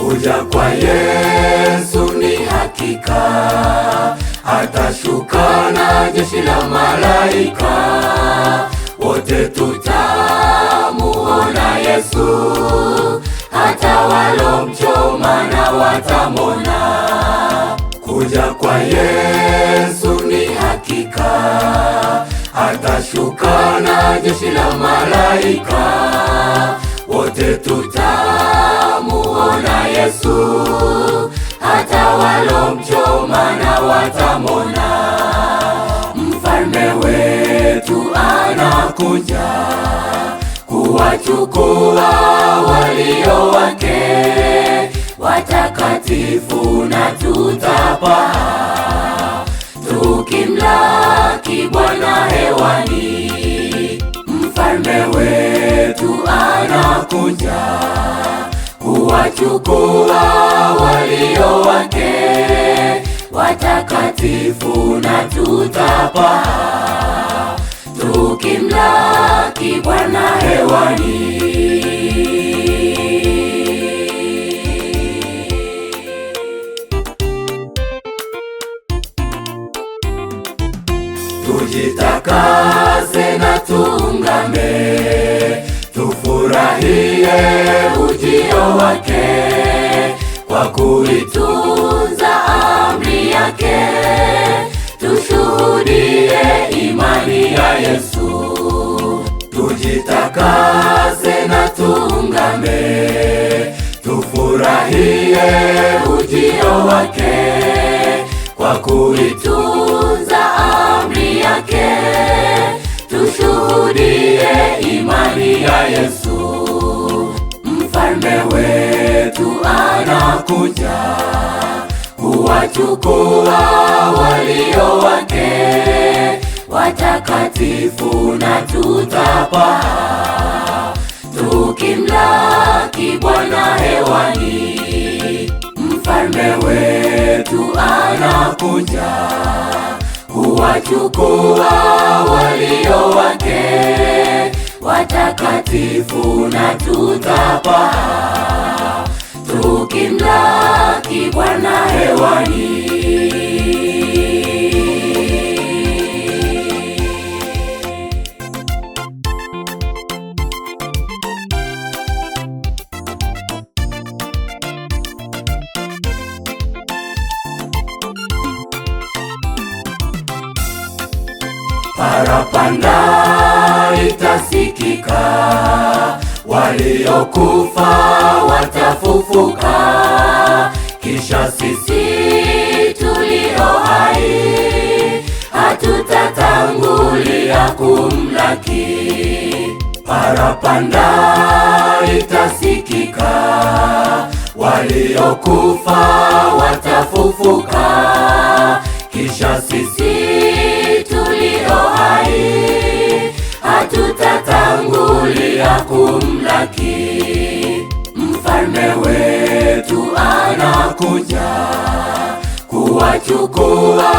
Kuja kwa Yesu ni hakika, atashuka na jeshi la malaika, wote tutamuona Yesu, hata walomchoma na watamona. Kuja kwa Yesu ni hakika, atashuka na jeshi la malaika, wote tuta watamuona Yesu, hata walomchoma na watamona. Mfalme wetu anakuja kuwachukua walio wake watakatifu, na tutapaa tukimlaki Bwana hewani. Mfalme wetu anakuja kuwachukua walio wake watakatifu, na tutapaa tukimlaki Bwana hewani. Tujitakase na tuungame tufurahie ujio wake kwa kuitunza amri yake, tushuhudie imani ya Yesu, tujitakase na tuungame, tufurahie ujio wake kwa kuitunza amri yake, tushuhudie Yesu, mfalme wetu anakuja kuwachukua walio wake watakatifu, na tutapaa tukimlaki Bwana hewani. Mfalme wetu anakuja kuwachukua walio wake watakatifu na tutapa tukimlaki Bwana hewani. Parapanda itasikika, waliokufa watafufuka, kisha sisi tulio hai hatutatangulia kumlaki. Parapanda itasikika, waliokufa watafufuka, kisha sisi tulio hai kumlaki mfalme wetu anakuja kuwachukua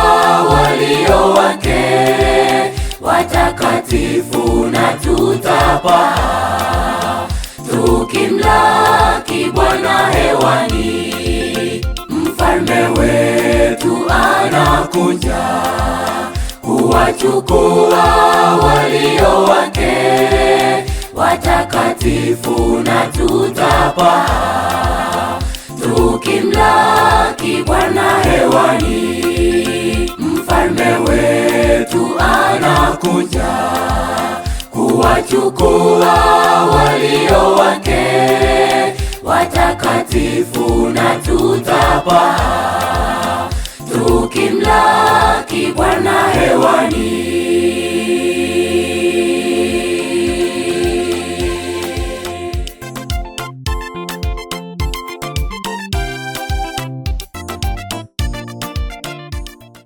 walio wake watakatifu, na tutapaa tukimlaki Bwana hewani. Mfalme wetu anakuja kuwachukua mtakatifu na tutapaa tukimlaki Bwana hewani. Mfalme wetu anakuja kuwachukua walio wake watakatifu na tutapaa tukimlaki Bwana hewani.